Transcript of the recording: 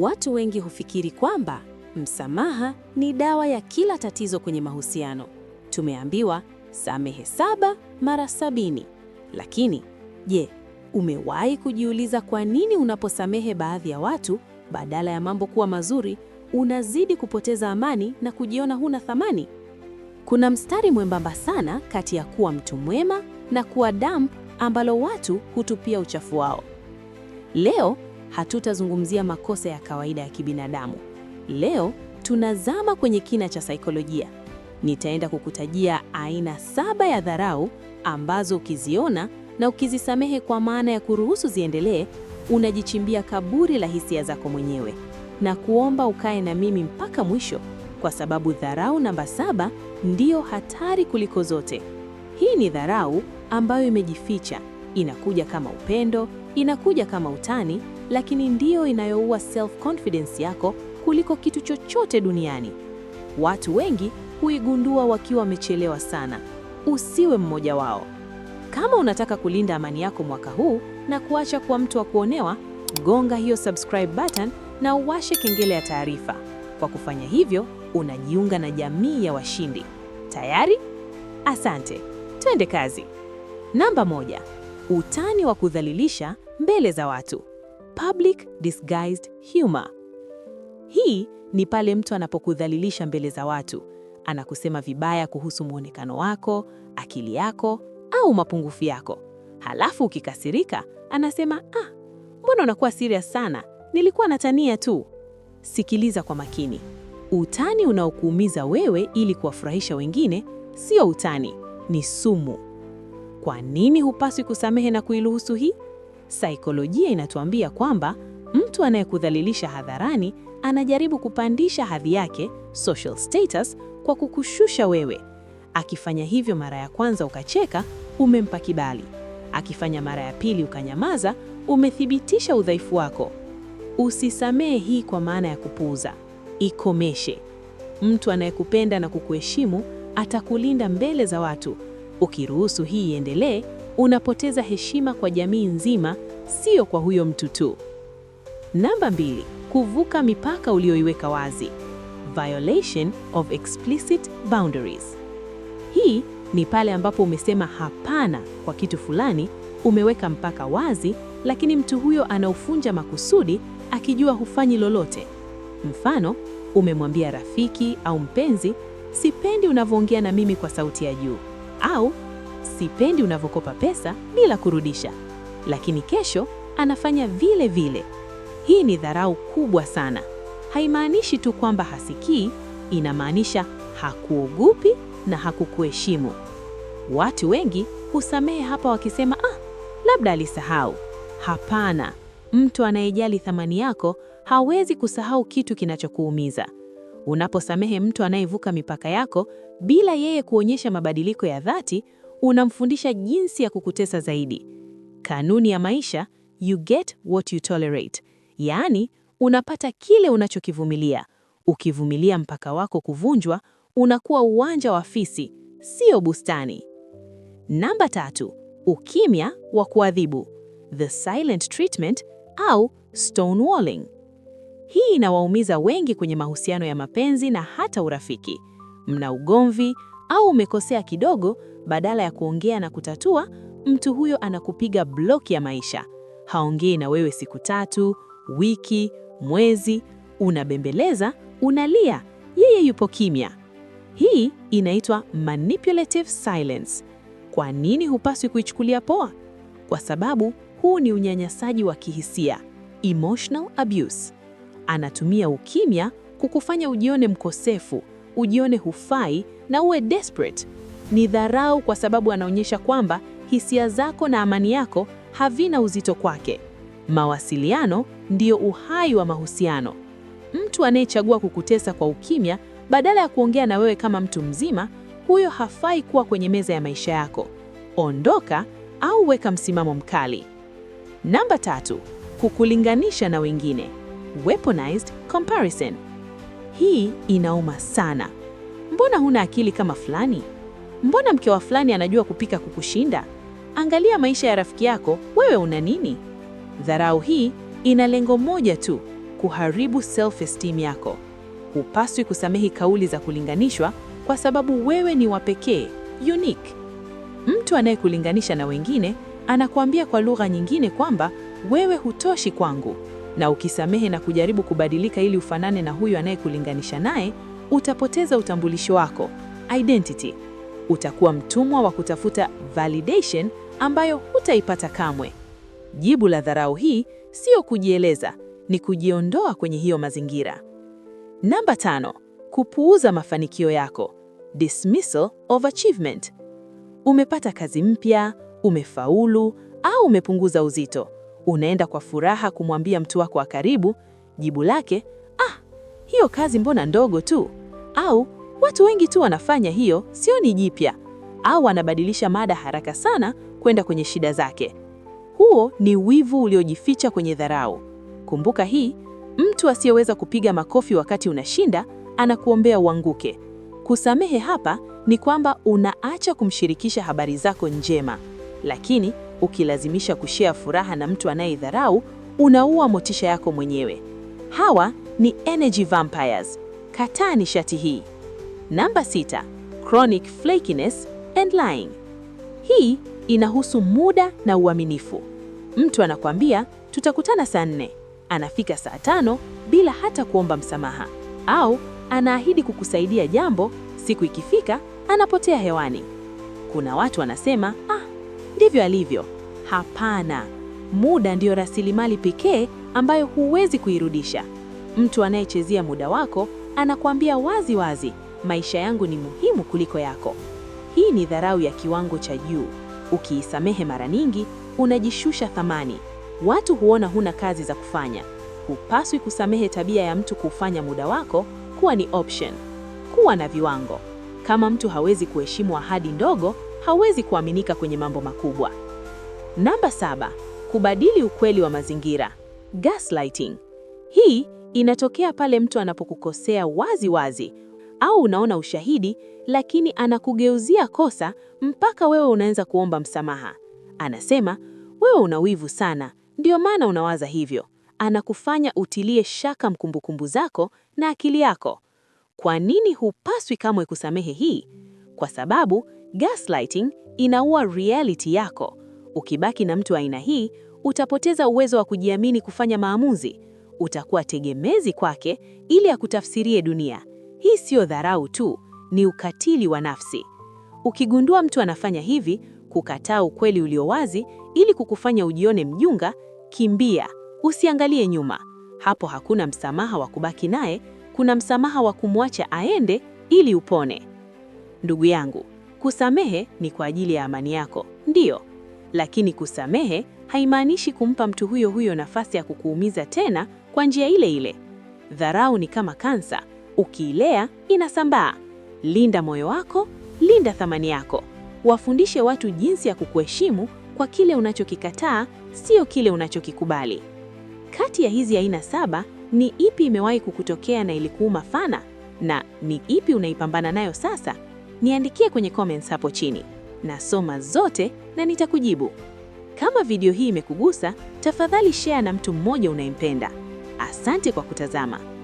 Watu wengi hufikiri kwamba msamaha ni dawa ya kila tatizo kwenye mahusiano. Tumeambiwa samehe saba mara sabini. Lakini je, umewahi kujiuliza kwa nini unaposamehe baadhi ya watu, badala ya mambo kuwa mazuri, unazidi kupoteza amani na kujiona huna thamani? Kuna mstari mwembamba sana kati ya kuwa mtu mwema na kuwa damp ambalo watu hutupia uchafu wao. Leo hatutazungumzia makosa ya kawaida ya kibinadamu. Leo tunazama kwenye kina cha saikolojia. Nitaenda kukutajia aina saba ya dharau ambazo ukiziona na ukizisamehe kwa maana ya kuruhusu ziendelee, unajichimbia kaburi la hisia zako mwenyewe, na kuomba ukae na mimi mpaka mwisho, kwa sababu dharau namba saba ndiyo hatari kuliko zote. Hii ni dharau ambayo imejificha, inakuja kama upendo Inakuja kama utani, lakini ndiyo inayoua self confidence yako kuliko kitu chochote duniani. Watu wengi huigundua wakiwa wamechelewa sana. Usiwe mmoja wao. Kama unataka kulinda amani yako mwaka huu na kuacha kuwa mtu wa kuonewa, gonga hiyo subscribe button na uwashe kengele ya taarifa. Kwa kufanya hivyo, unajiunga na jamii ya washindi. Tayari? Asante, twende kazi. Namba moja: utani wa kudhalilisha mbele za watu, public disguised humor. Hii ni pale mtu anapokudhalilisha mbele za watu, anakusema vibaya kuhusu mwonekano wako, akili yako au mapungufu yako, halafu ukikasirika anasema ah, mbona unakuwa serious sana, nilikuwa natania tu. Sikiliza kwa makini. Utani unaokuumiza wewe ili kuwafurahisha wengine sio utani, ni sumu. Kwa nini hupaswi kusamehe na kuiruhusu hii? Saikolojia inatuambia kwamba mtu anayekudhalilisha hadharani anajaribu kupandisha hadhi yake, social status, kwa kukushusha wewe. Akifanya hivyo mara ya kwanza ukacheka, umempa kibali. Akifanya mara ya pili ukanyamaza, umethibitisha udhaifu wako. Usisamehe hii kwa maana ya kupuuza, ikomeshe. Mtu anayekupenda na kukuheshimu atakulinda mbele za watu. Ukiruhusu hii iendelee, unapoteza heshima kwa jamii nzima, sio kwa huyo mtu tu. Namba mbili, kuvuka mipaka uliyoiweka wazi, violation of explicit boundaries. Hii ni pale ambapo umesema hapana kwa kitu fulani, umeweka mpaka wazi, lakini mtu huyo anaufunja makusudi, akijua hufanyi lolote. Mfano, umemwambia rafiki au mpenzi, sipendi unavyoongea na mimi kwa sauti ya juu, au sipendi unavyokopa pesa bila kurudisha, lakini kesho anafanya vile vile. Hii ni dharau kubwa sana. Haimaanishi tu kwamba hasikii, inamaanisha hakuogopi na hakukuheshimu. Watu wengi husamehe hapa wakisema ah, labda alisahau. Hapana, mtu anayejali thamani yako hawezi kusahau kitu kinachokuumiza. Unaposamehe mtu anayevuka mipaka yako bila yeye kuonyesha mabadiliko ya dhati, unamfundisha jinsi ya kukutesa zaidi. Kanuni ya maisha, you get what you tolerate, yaani unapata kile unachokivumilia. Ukivumilia mpaka wako kuvunjwa, unakuwa uwanja wa fisi, sio bustani. Namba tatu, ukimya wa kuadhibu, the silent treatment au stonewalling. Hii inawaumiza wengi kwenye mahusiano ya mapenzi na hata urafiki. Mna ugomvi, au umekosea kidogo, badala ya kuongea na kutatua, mtu huyo anakupiga bloki ya maisha. Haongei na wewe siku tatu, wiki, mwezi, unabembeleza, unalia, yeye yupo kimya. Hii inaitwa manipulative silence. Kwa nini hupaswi kuichukulia poa? Kwa sababu huu ni unyanyasaji wa kihisia, emotional abuse. Anatumia ukimya kukufanya ujione mkosefu, ujione hufai na uwe desperate. Ni dharau kwa sababu anaonyesha kwamba hisia zako na amani yako havina uzito kwake. Mawasiliano ndio uhai wa mahusiano. Mtu anayechagua kukutesa kwa ukimya badala ya kuongea na wewe kama mtu mzima, huyo hafai kuwa kwenye meza ya maisha yako. Ondoka au weka msimamo mkali. Namba tatu, kukulinganisha na wengine, weaponized comparison. Hii inauma sana. Mbona huna akili kama fulani? Mbona mke wa fulani anajua kupika kukushinda? Angalia maisha ya rafiki yako, wewe una nini? Dharau hii ina lengo moja tu, kuharibu self esteem yako. Hupaswi kusamehi kauli za kulinganishwa, kwa sababu wewe ni wa pekee, unique. Mtu anayekulinganisha na wengine anakuambia kwa lugha nyingine kwamba wewe hutoshi kwangu, na ukisamehe na kujaribu kubadilika ili ufanane na huyo anayekulinganisha naye utapoteza utambulisho wako identity. Utakuwa mtumwa wa kutafuta validation ambayo hutaipata kamwe. Jibu la dharau hii sio kujieleza, ni kujiondoa kwenye hiyo mazingira. Namba tano, kupuuza mafanikio yako, dismissal of achievement. Umepata kazi mpya, umefaulu au umepunguza uzito, unaenda kwa furaha kumwambia mtu wako wa karibu, jibu lake hiyo kazi mbona ndogo tu? Au watu wengi tu wanafanya hiyo, sio ni jipya. Au anabadilisha mada haraka sana kwenda kwenye shida zake. Huo ni wivu uliojificha kwenye dharau. Kumbuka hii, mtu asiyeweza kupiga makofi wakati unashinda anakuombea uanguke. Kusamehe hapa ni kwamba unaacha kumshirikisha habari zako njema, lakini ukilazimisha kushea furaha na mtu anayedharau, unaua motisha yako mwenyewe. Hawa ni energy vampires. Kataa nishati hii. Namba sita, chronic flakiness and lying. Hii inahusu muda na uaminifu. Mtu anakuambia tutakutana saa nne, anafika saa tano bila hata kuomba msamaha, au anaahidi kukusaidia jambo, siku ikifika anapotea hewani. Kuna watu wanasema ah, ndivyo alivyo. Hapana, muda ndiyo rasilimali pekee ambayo huwezi kuirudisha. Mtu anayechezea muda wako anakuambia wazi wazi, maisha yangu ni muhimu kuliko yako. Hii ni dharau ya kiwango cha juu. Ukiisamehe mara nyingi, unajishusha thamani. Watu huona huna kazi za kufanya. Hupaswi kusamehe tabia ya mtu kufanya muda wako kuwa ni option. Kuwa na viwango. Kama mtu hawezi kuheshimu ahadi ndogo, hawezi kuaminika kwenye mambo makubwa. Namba saba, kubadili ukweli wa mazingira. Gaslighting. Hii Inatokea pale mtu anapokukosea wazi wazi, au unaona ushahidi lakini anakugeuzia kosa mpaka wewe unaanza kuomba msamaha. Anasema wewe una wivu sana, ndio maana unawaza hivyo. Anakufanya utilie shaka mkumbukumbu zako na akili yako. Kwa nini hupaswi kamwe kusamehe hii? Kwa sababu gaslighting inaua reality yako. Ukibaki na mtu aina hii, utapoteza uwezo wa kujiamini kufanya maamuzi, utakuwa tegemezi kwake ili akutafsirie dunia. Hii siyo dharau tu, ni ukatili wa nafsi. Ukigundua mtu anafanya hivi, kukataa ukweli ulio wazi ili kukufanya ujione mjunga, kimbia, usiangalie nyuma. Hapo hakuna msamaha wa kubaki naye, kuna msamaha wa kumwacha aende ili upone. Ndugu yangu, kusamehe ni kwa ajili ya amani yako, ndiyo, lakini kusamehe haimaanishi kumpa mtu huyo huyo nafasi ya kukuumiza tena kwa njia ile ile. Dharau ni kama kansa, ukiilea inasambaa. Linda moyo wako, linda thamani yako. Wafundishe watu jinsi ya kukuheshimu kwa kile unachokikataa, sio kile unachokikubali. Kati ya hizi aina saba, ni ipi imewahi kukutokea na ilikuuma fana, na ni ipi unaipambana nayo sasa? Niandikie kwenye comments hapo chini, nasoma zote na nitakujibu. Kama video hii imekugusa, tafadhali share na mtu mmoja unayempenda. Asante kwa kutazama.